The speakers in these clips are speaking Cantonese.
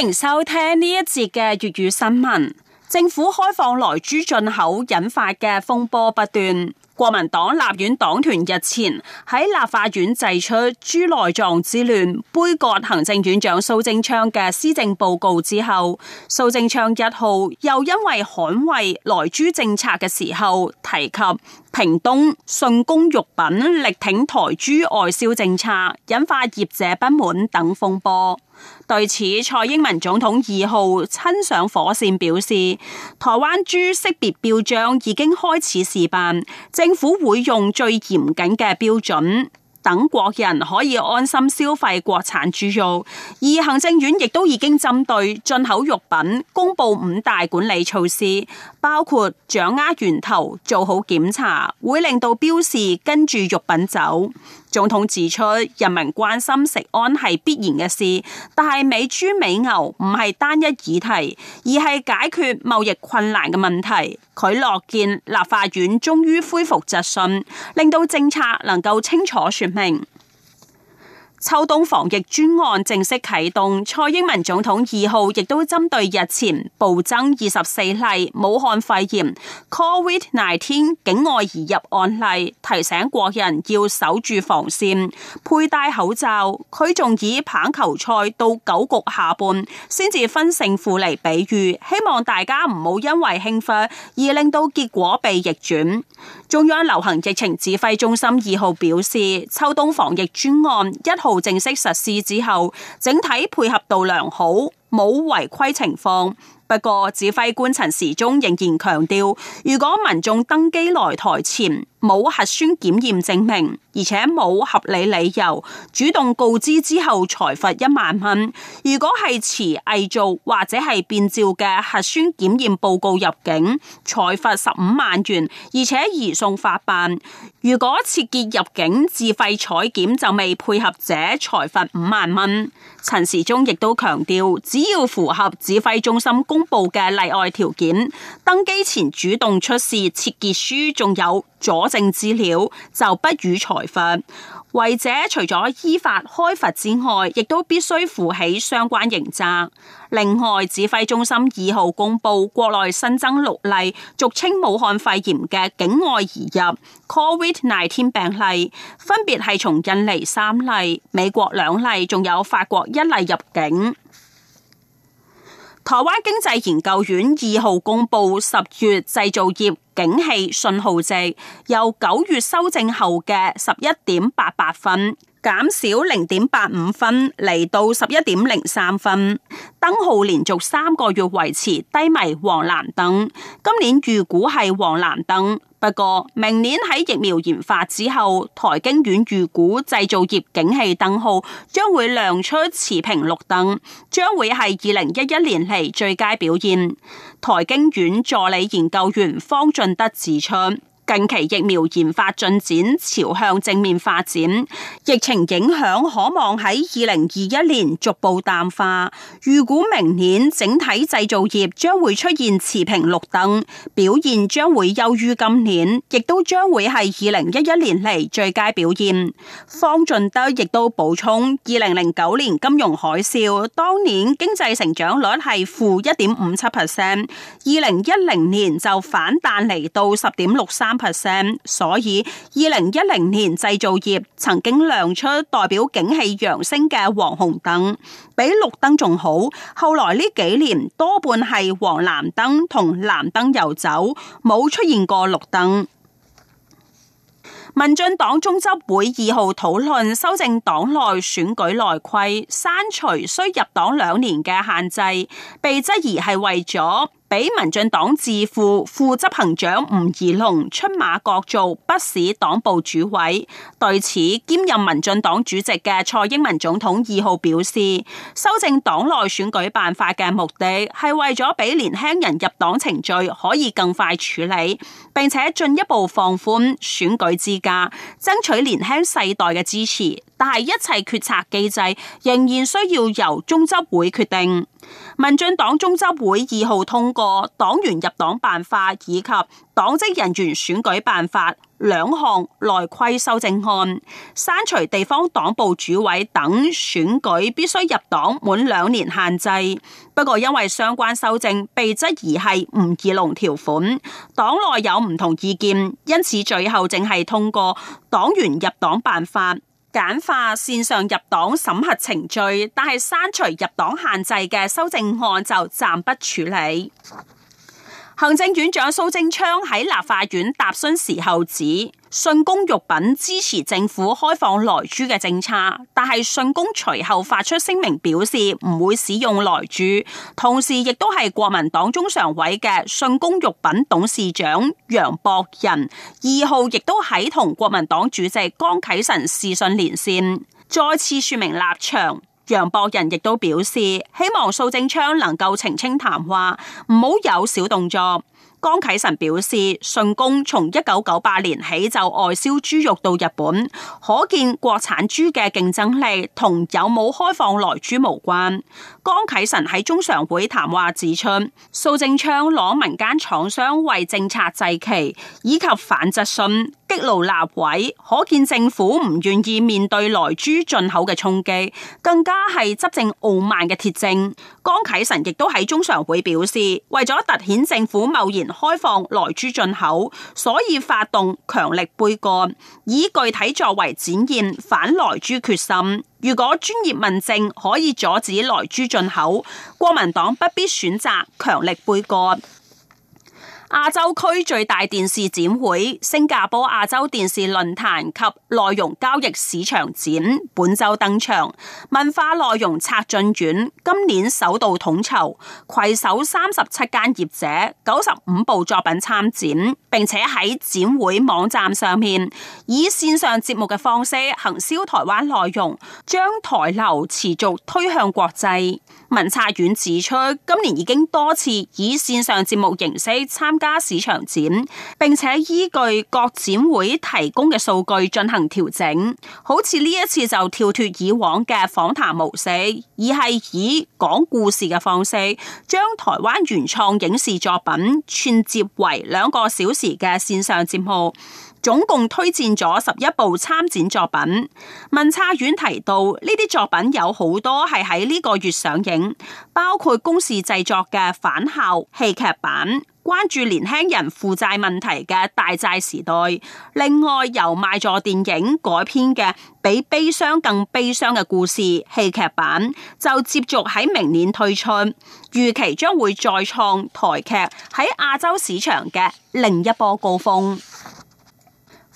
歡迎收聽呢一節嘅粵語新聞。政府開放萊豬進口引發嘅風波不斷。國民黨立院黨團日前喺立法院祭出豬內臟之亂，杯葛行政院長蘇貞昌嘅施政報告之後，蘇貞昌一號又因為捍衛萊豬政策嘅時候提及。屏東信功肉品力挺台豬外銷政策，引發業者不滿等風波。對此，蔡英文總統二號親上火線表示，台灣豬識別標章已經開始試辦，政府會用最嚴謹嘅標準。等國人可以安心消費國產豬肉，而行政院亦都已經針對進口肉品公布五大管理措施，包括掌握源頭、做好檢查，會令到標示跟住肉品走。總統指出，人民關心食安係必然嘅事，但係美豬美牛唔係單一議題，而係解決貿易困難嘅問題。佢樂見立法院，終於恢復質詢，令到政策能夠清楚說明。秋冬防疫專案正式啟動，蔡英文總統二號亦都針對日前暴增二十四例武漢肺炎 （COVID-19） 境外移入案例，提醒國人要守住防線，佩戴口罩。佢仲以棒球賽到九局下半先至分勝負嚟比喻，希望大家唔好因為興奮而令到結果被逆轉。中央流行疫情指揮中心二號表示，秋冬防疫專案一號。正式實施之後，整體配合度良好，冇違規情況。不過指揮官陳時中仍然強調，如果民眾登機來台前冇核酸檢驗證明，而且冇合理理由主動告知之後，才罰一萬蚊；如果係持偽造或者係變造嘅核酸檢驗報告入境，才罰十五萬元，而且移送法辦；如果切結入境自費採檢就未配合者，才罰五萬蚊。陳時中亦都強調，只要符合指揮中心公公布嘅例外條件，登機前主動出示切結書，仲有佐證資料，就不予裁罰。違者除咗依法開罰之外，亦都必須負起相關刑責。另外，指揮中心二號公布國內新增六例俗稱武漢肺炎嘅境外移入 COVID-19 病例，分別係從印尼三例、美國兩例，仲有法國一例入境。台灣經濟研究院二號公布十月製造業景氣信號值，由九月修正後嘅十一點八八分減少零點八五分，嚟到十一點零三分。燈號連續三個月維持低迷黃藍燈，今年預估係黃藍燈。不過，明年喺疫苗研發之後，台經院預估製造業景氣燈號將會亮出持平綠燈，將會係二零一一年嚟最佳表現。台經院助理研究員方俊德指出。近期疫苗研發進展朝向正面發展，疫情影響可望喺二零二一年逐步淡化。預估明年整體製造業將會出現持平綠燈，表現將會優於今年，亦都將會係二零一一年嚟最佳表現。方俊德亦都補充：二零零九年金融海嘯當年經濟成長率係負一點五七 percent，二零一零年就反彈嚟到十點六三。percent，所以二零一零年製造業曾經亮出代表景氣揚升嘅黃紅燈，比綠燈仲好。後來呢幾年多半係黃藍燈同藍燈遊走，冇出現過綠燈。民進黨中執會二號討論修正黨內選舉內規，刪除需入黨兩年嘅限制，被質疑係為咗。俾民進黨智庫副執行長吳怡農出馬，角逐北市黨部主委。對此兼任民進黨主席嘅蔡英文總統二號表示，修正黨內選舉辦法嘅目的係為咗俾年輕人入黨程序可以更快處理，並且進一步放寬選舉資格，爭取年輕世代嘅支持。但係一切決策機制仍然需要由中執會決定。民進黨中執會二號通過黨員入黨辦法以及黨職人員選舉辦法兩項內規修正案，刪除地方黨部主委等選舉必須入黨滿兩年限制。不過因為相關修正被質疑係吳怡農條款，黨內有唔同意見，因此最後淨係通過黨員入黨辦法。簡化線上入黨審核程序，但係刪除入黨限制嘅修正案就暫不處理。行政院長蘇貞昌喺立法院答詢時候指，信功肉品支持政府開放萊豬嘅政策，但係信功隨後發出聲明表示唔會使用萊豬，同時亦都係國民黨中常委嘅信功肉品董事長楊博仁，二號亦都喺同國民黨主席江啟臣視訊連線，再次說明立場。楊博仁亦都表示，希望蘇貞昌能夠澄清談話，唔好有小動作。江啟臣表示，信功從一九九八年起就外銷豬肉到日本，可見國產豬嘅競爭力同有冇開放萊豬無關。江啟臣喺中常會談話指出，蘇貞昌攞民間廠商為政策祭旗，以及反質詢。激怒立委，可見政府唔願意面對萊豬進口嘅衝擊，更加係執政傲慢嘅鐵證。江啟臣亦都喺中常會表示，為咗凸顯政府貿然開放萊豬進口，所以發動強力杯葛，以具體作為展現反萊豬決心。如果專業問政可以阻止萊豬進口，國民黨不必選擇強力杯葛。亞洲區最大電視展會——新加坡亞洲電視論壇及內容交易市場展本周登場。文化內容策進院今年首度統籌，攜手三十七間業者、九十五部作品參展，並且喺展會網站上面以線上節目嘅方式行銷台灣內容，將台流持續推向國際。文策院指出，今年已經多次以線上節目形式參。加市場展，並且依據各展會提供嘅數據進行調整。好似呢一次就跳脫以往嘅訪談模式，而係以講故事嘅方式，將台灣原創影視作品串接為兩個小時嘅線上節目。總共推薦咗十一部參展作品。文策院提到呢啲作品有好多係喺呢個月上映，包括公視製作嘅返校戲劇版。關注年輕人負債問題嘅大債時代，另外由賣座電影改編嘅比悲傷更悲傷嘅故事戲劇版就接續喺明年推出，預期將會再創台劇喺亞洲市場嘅另一波高峰。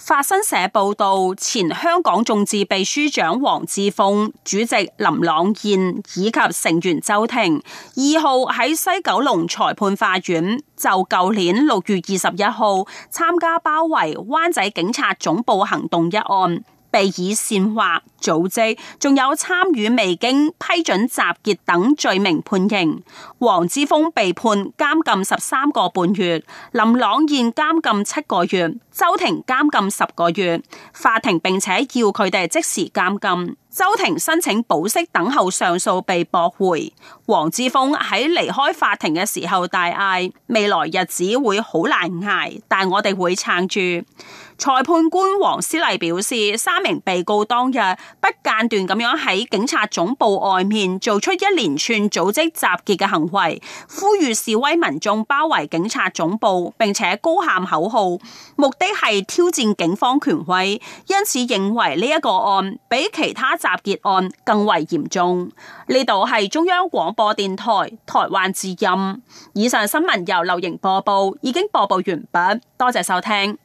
法新社報道，前香港眾志秘書長黃之鋒、主席林朗彥以及成員周庭，二號喺西九龍裁判法院就舊年六月二十一號參加包圍灣仔警察總部行動一案，被以煽惑、組織，仲有參與未經批准集結等罪名判刑。黃之鋒被判監禁十三個半月，林朗彥監禁七個月。周庭監禁十個月，法庭並且叫佢哋即時監禁。周庭申請保釋等候上訴被駁回。黃之鋒喺離開法庭嘅時候大嗌：未來日子會好難捱，但我哋會撐住。裁判官黃思麗表示，三名被告當日不間斷咁樣喺警察總部外面做出一連串組織集結嘅行為，呼籲示威民眾包圍警察總部，並且高喊口號，目的。即係挑戰警方權威，因此認為呢一個案比其他集結案更為嚴重。呢度係中央廣播電台台灣之音。以上新聞由劉瑩播報，已經播報完畢，多謝收聽。